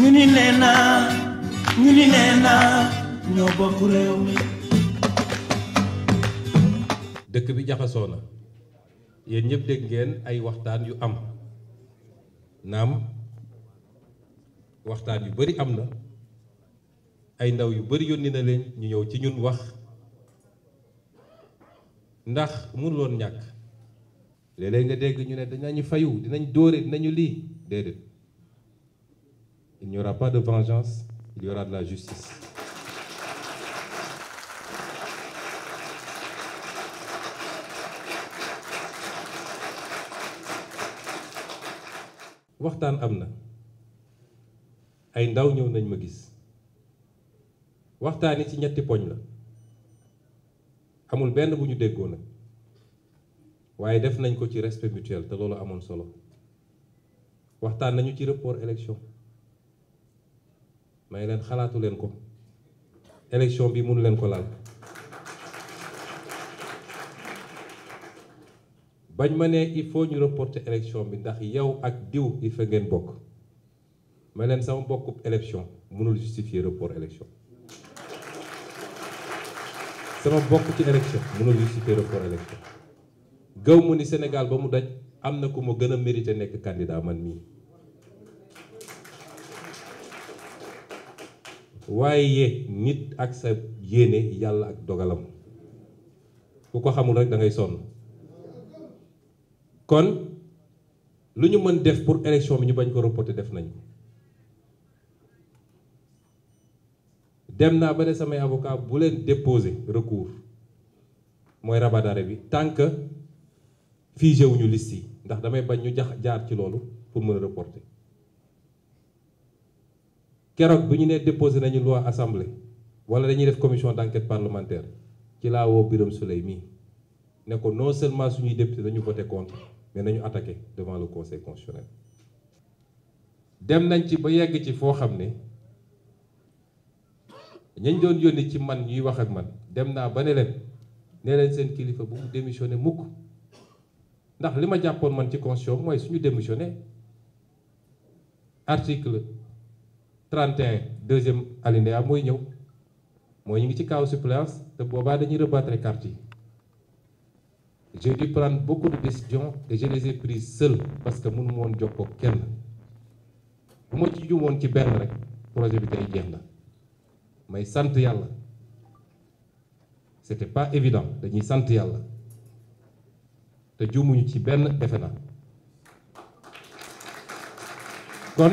ñu ni nee ñu ni nee ñoo bokk réew dëkk bi jaxasoo na yéen ñëpp dégg ay waxtaan yu am naam waxtaan yu bari am na ay ndaw yu bari yónni na leen ñu ñëw ci ñun wax ndax mënuloon ñàkk léeg nga dégg ñu ne dinañu fayu dinañ dóore dinañu lii déedéet Il n'y aura pas de vengeance, il y aura de la justice. waxtaan amna. ay ndaw ñew nañ ma gis waxtaan ci ñetti poñ amul benn bu ñu def nañ ko ci respect mutuel élection may leen xalaatu leen ko élection bi mënu leen ko laal bañ ma ne il faut ñu reporter élection bi ndax yow ak diw yi fa ngeen bokk ma leen sama bokkub élection mënul justifier sama bokk ci élection mënul justifier report élection mu ni Sénégal ba mu daj am na ko ma gën a mérité nekk candidat man mii waaye nit ak sa yéene yàlla ak dogalam ku ko xamul rek dangay ngay sonn kon lu ñu mën def pour élection bi ñu bañ ko reporter def nañu dem naa ba ne samay avocat buleen déposé déposer mooy rabat bi tant que figé wuñu liste yi ndax damay bañ ñu jax jaar ci loolu pour mën a reporter kérok bi ñu nee déposé nañu loi assemblée wala dañuy def commission d'enquête parlementaire ci laa woo Birame Souleye mii ne ko non seulement suñu député dañu voter contre mais nañu attaquer devant le conseil constitutionnel. dem nañ ci ba yegg ci fo xamné ñañ doon yoni ci man ñuy wax ak man dem na ba ne leen ne leen seen kilifa bu mu démissionné mukk ndax lima jappone man ci constitution moy suñu démissionné article. 31 deuxième alinéa moy ñew moy ñu ci kaw suppléance te boba dañuy rebattre carte yi j'ai dû prendre beaucoup de décisions et je les ai prises seules parce que mënu woon jokkoo kenn bu ma ci jumoon ci ben rek projet bi tay jeex may sante yalla c'était pas évident dañuy sante yalla te jumuñu ci ben defena na kon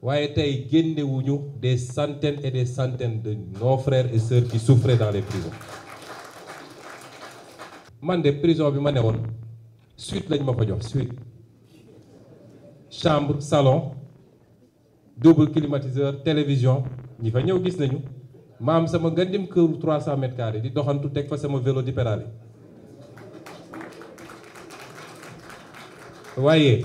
Il y a des centaines et des centaines de nos frères et sœurs qui souffraient dans les prisons man de prison bi ma suite lañ ma suite chambre salon double climatiseur télévision ñi fa ñëw gis nañu ma am sama gandim këru 300 mètres carrés di doxantu teg fa sama vélo di Vous voyez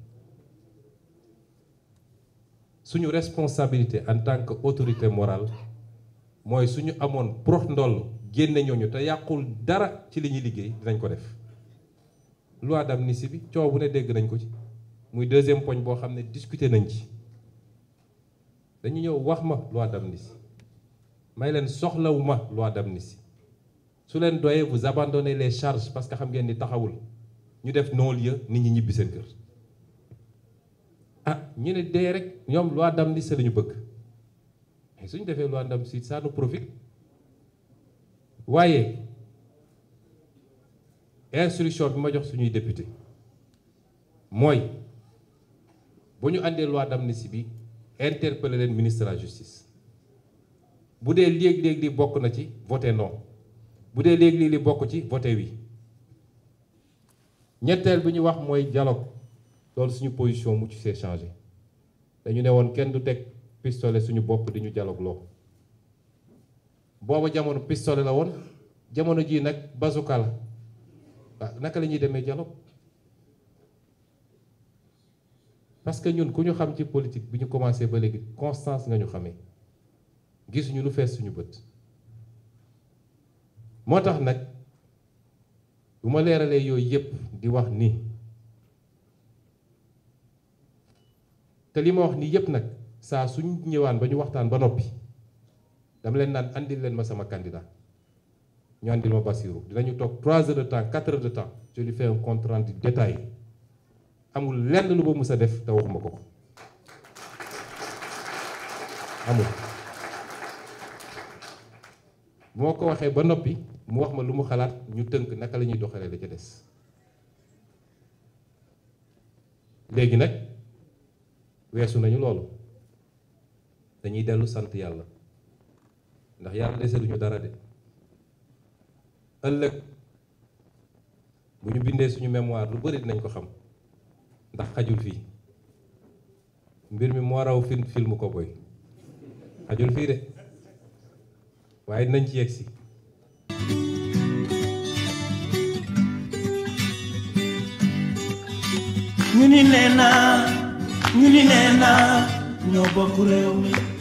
suñu responsabilité en tant que autorité morale moy suñu amone prox ndoll génne ñooñu te yaqul dara ci liñu ñuy liggéey dinañ ko def loi d'amnistie bi coow bu né dégg nañ ko ci muy deuxième point bo xamné discuter nañ ci dañu ñëw wax ma loi d'amnistie may leen soxlawu ma loi d'amnistie su leen doyee vous abandonnez les charges parce que xam ngeen ni taxawul ñu def non-lieu nit ñi ñibi seen kër ah ñu ne dee rek ñoom loi d'amnistie la ñu bëgg mais suñ defee loi d'amnistie ça nous profite waaye instruction bi ma jox suñuy député mooy bu ñu àndee loi d'amnistie bi interpeller leen ministre de la justice bu dee léeg-léeg li bokk na ci voté non bu dee léeg-léeg li bokk ci voté oui ñetteel bi ñu wax mooy dialogue loolu suñu position mu ci see changé dañu néwon woon kenn du teg pistolet suñu bopp di ñu dialogue loo booba jamono pistolet la won jamono ji nak bazooka la ah naka la ñuy parce que ñun ku ñu xam ci politique bi ñu commencé ba légui constance nga ñu xamee gisuñu lu fess suñu bëtt motax nak nag léralé yoy yépp di wax ni te li ma wax nii yëpp nag saa suñ ñëwaan ba ñu waxtaan ba noppi dama leen naan andil leen ma sama candidat ñu andil ma Bassirou dinañu toog 3 heures de temps 4 heures de temps je lui fais un compte rendu détaillé amul lenn lu ba def te waxuma ko ko amul. bu ma ko waxee ba noppi mu wax ma lu mu xalaat ñu tënk naka la ñuy doxalee la ca des léegi nag. weesu nañu loolu dañuy dellu sant yàlla ndax yàlla dese duñu dara de ëllëg bu ñu bindee suñu mémoire lu bari dinañ ko xam ndax xajul fii mbir mi moo raw film film ko boy xajul fii de waaye dinañ ci yegg si ñu ni nee naa ñu ni nee na ñoo bokk